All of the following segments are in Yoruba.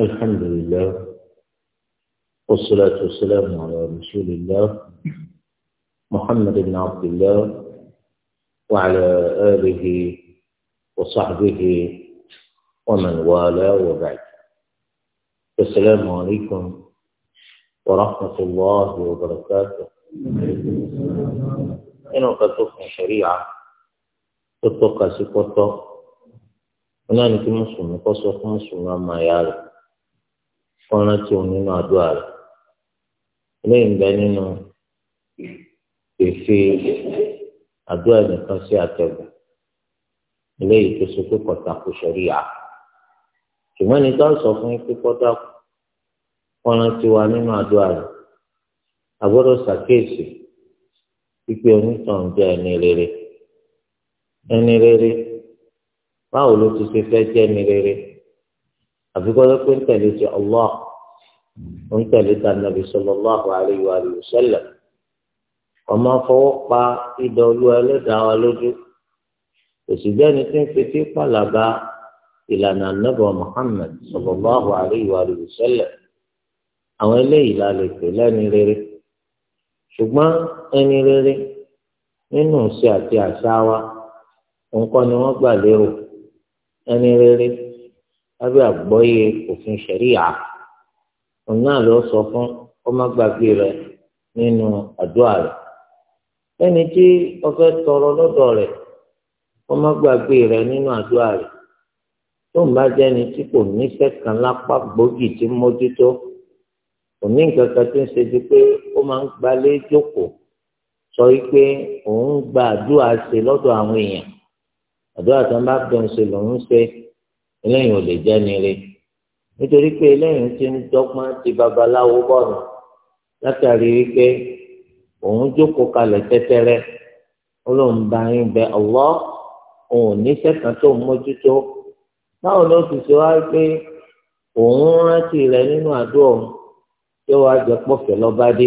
الحمد لله والصلاة والسلام على رسول الله محمد بن عبد الله وعلى آله وصحبه ومن والاه وبعد السلام عليكم ورحمة الله وبركاته إنه قد تكون شريعة تتوقع سكوتو هناك مسلم يقصر مسلم ما يعرف kọ́ńtà tí òun nínú àdúrà rẹ̀ lẹ́yìn bẹ nínú fèfè àdúrà nìkan sí àtẹ̀gùn eléyìí tó so pé kọ̀tà kò sọ̀rí à ṣùgbọ́n ní ká sọ fún pé kọ́tà kọ́ńtà tí wà nínú àdúrà rẹ̀ àgbọ́dọ̀ ṣàkíyèsí pípé onítàn jẹ́ ẹni rere ń tẹ̀lé ta nàbì sallallahu alaihi wa sallam ọmọ fọwọ́ pa idọ̀ olú ẹlẹ́dàá wa lójú òsì bẹ́ẹ̀ni tí ń fetí pàlàbà ìlànà nàbọ̀ Muhammad sallallahu alaihi wa sallam àwọn eléyìí la lè pè lẹ́ni rere ṣùgbọ́n ẹni rere nínú ìṣe àti àṣà wa nǹkan ni wọ́n gbà lérò ẹni rere lábẹ́ àgbọ́yé òfin ṣẹ̀ríyà. òun náà ló sọ fún kó má gbàgbé rẹ nínú àdúrà rẹ ẹni tí ó tọrọ lọ́dọ̀ rẹ kó má gbàgbé rẹ nínú àdúrà rẹ tó ń bá jẹni tí kò níṣẹ́ kan lápá gbòógì tí mójútó kò ní nǹkan kan tó ń ṣe ju pé ó máa ń gbalé jókòó sọ wípé òun gba àdúrà ṣe lọ́dọ̀ àwọn èèyàn àdúrà tó ń bá bẹ̀rù ṣe lòun ṣe eléyìí ò lè jẹ́ nire. nítorí pé eléyìí ti ń dọ́gbọ́n ti babaláwo bọ̀nà látàrí wípé òun jókòó kalẹ̀ tẹ́tẹ́rẹ́ ó ló ń ba yín bẹ ọ̀wọ́ òun níṣẹ́ kan tó ń mójútó báwo ló ti ṣe wá pé òun rántí rẹ nínú àdó ọ̀hún tí ó wá jẹ pọ̀fẹ́ lọ́ba dé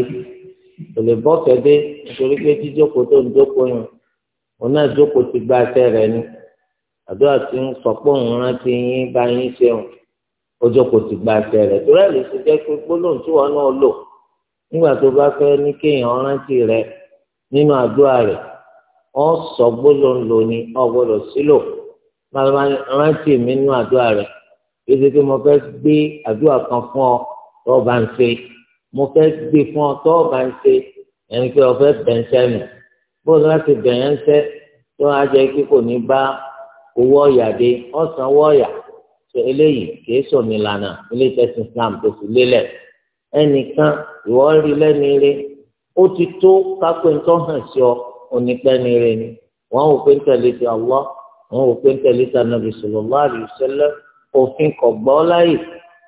kò lè bọ́fẹ́ dé nítorí pé jíjókòó tó ń jókòó yẹn òun náà jókòó ti gba ẹsẹ̀ ni àdó àti sọ pé òun rántí yín bá yín ṣeun ọjọ́ kò sì gba ẹsẹ̀ rẹ̀ tó rẹ̀ lè ṣe jẹ́ pé gbólóhùn tí wọn náà lò nígbà tó bá fẹ́ ní kéèyàn rántí rẹ̀ nínú àdúrà rẹ̀ wọ́n sọ gbólóhùn lò ní ọgbọ́dọ̀ sílò máa rántí mi nínú àdúrà rẹ̀ èdè tí mo fẹ́ gbé àdúrà kan fún ọ tó bá ń ṣe mo fẹ́ gbé fún ọ tó bá ń ṣe ẹni pé ọ fẹ́ bẹ̀ ń sẹ́nu bóun láti bẹ̀ yẹn tó á jẹ́ pé kò ní bá owó ọ̀yà dé ọ̀sán owó ọ̀yà ṣe eléyìí kìí sọmi lànà ilé ìtẹsí Islam tó fi lélẹ̀ ẹnìkan ìwọ rí lẹni rí ó ti tó kápẹ́ ńtọ́ hàn sí ọ onípẹ́ni rí ni wọ́n wò pé ń tẹ̀lé ti Allah wọ́n wò pé ń tẹ̀lé ti anabi sallallahu alaihi wasallam òfin kọ̀ gbọ́ láyè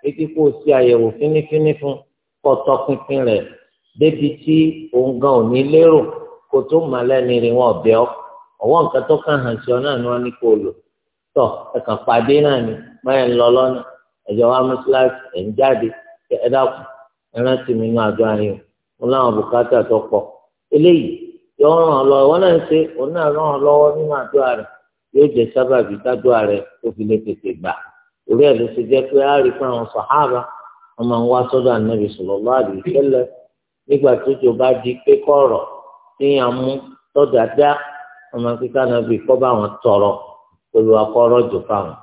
pé kó o ṣe àyẹ̀wò fínífíní fún kó tọpinpin rẹ̀ débi tí òun gan ò ní lérò kó tó mà lẹ́ni rí wọn ọ̀bẹ ọ ọwọ́ nǹkan tó kàn hàn sí ọ náà ni wọ́n ní kó o lò tọ̀ ẹ̀kàn pàdé náà ni báyẹn ń lọ lọ́nà ẹ̀jọ̀ wa mọ́síláàsì ẹ̀ ń jáde ẹ dákun ẹ rántí mi nínú àdó ayé o mo láwọn bùkátà tó pọ̀ eléyìí yóò ràn án lọ́wọ́ náà ṣe òun náà ràn án lọ́wọ́ nínú tètè gbà orí ló ṣe pé rí pé àwọn sàhábà wọn máa ń wá ànábì nígbà tó bá di tọrọ olùwàkọ́rọ̀ jò fáwọn.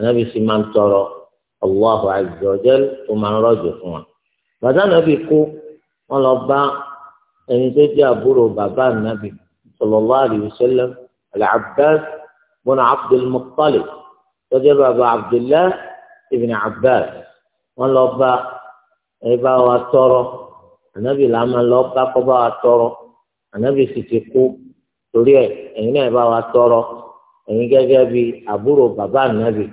anábì sì máa ń tọrọ Allahu azza wa jal tó máa ń rọ̀jò fún wa bàtà nàbì kú wọn lọ bá ẹni tó jẹ́ àbúrò bàbá nàbì sallallahu alayhi wa sallam al-Abbas ibn Abdul Muttalib tó jẹ́ bàbá Abdullah ibn Abbas wọn lọ bá ẹ bá wa tọrọ ànábì là lọ bá kọ́ bá wa tọrọ ànábì sì ti kú torí ẹ ẹ̀yin náà bá wa tọrọ ẹ̀yin gẹ́gẹ́ bíi àbúrò bàbá ànábì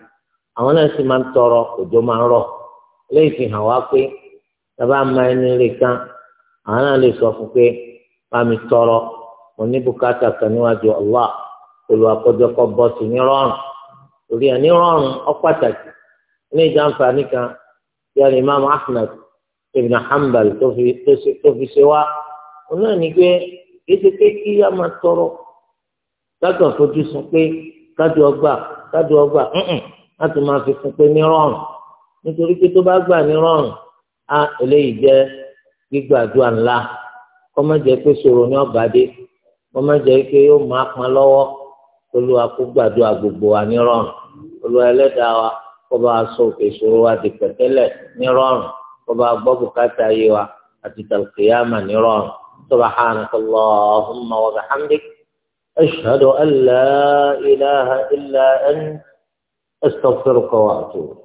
àwọn náà sì máa ń tọrọ òjò máa ń rọ̀ léyìí fi hàn wá pé bàbá máa ẹni lè kan àwọn náà lè sọ fún pé bá mi tọrọ mo ní bùkátà kan níwájú Allah olùwàkọjọkọ bọ ní rọrùn torí ẹ ní rọrùn ọpàtàkì ní ìjànfààní kan yẹn imam ahmed ibn hanbal tó fi ṣe wá òun náà ní pé kéṣeké kí a máa tọrọ látọ̀ fojú sùn pé kájú ọgbà kájú ọgbà láti máa fi kún pé ní rọrùn nítorí pé tó bá gbà ní rọrùn á eléyìí jẹ́ gbígbàdúrà ńlá kọ́mọ́jẹ́ pé sọ̀rọ̀ ní ọ̀bàdé kọ́mọ́jẹ́ pé yóò máa pọn lọ́wọ́ olúwa kó gbàdúrà gbogbo wa ní rọrùn olúwa ẹlẹ́dàá wa kó bá sọ òkè ìṣòro wa di pẹ̀tẹ́lẹ̀ ní rọrùn kó bá gbọ́ bùkátà yé wa àti tàlùkìyàmà ní rọrùn subhanaka allahumma wa bihamdik illa anta. أستغفرك وأتوب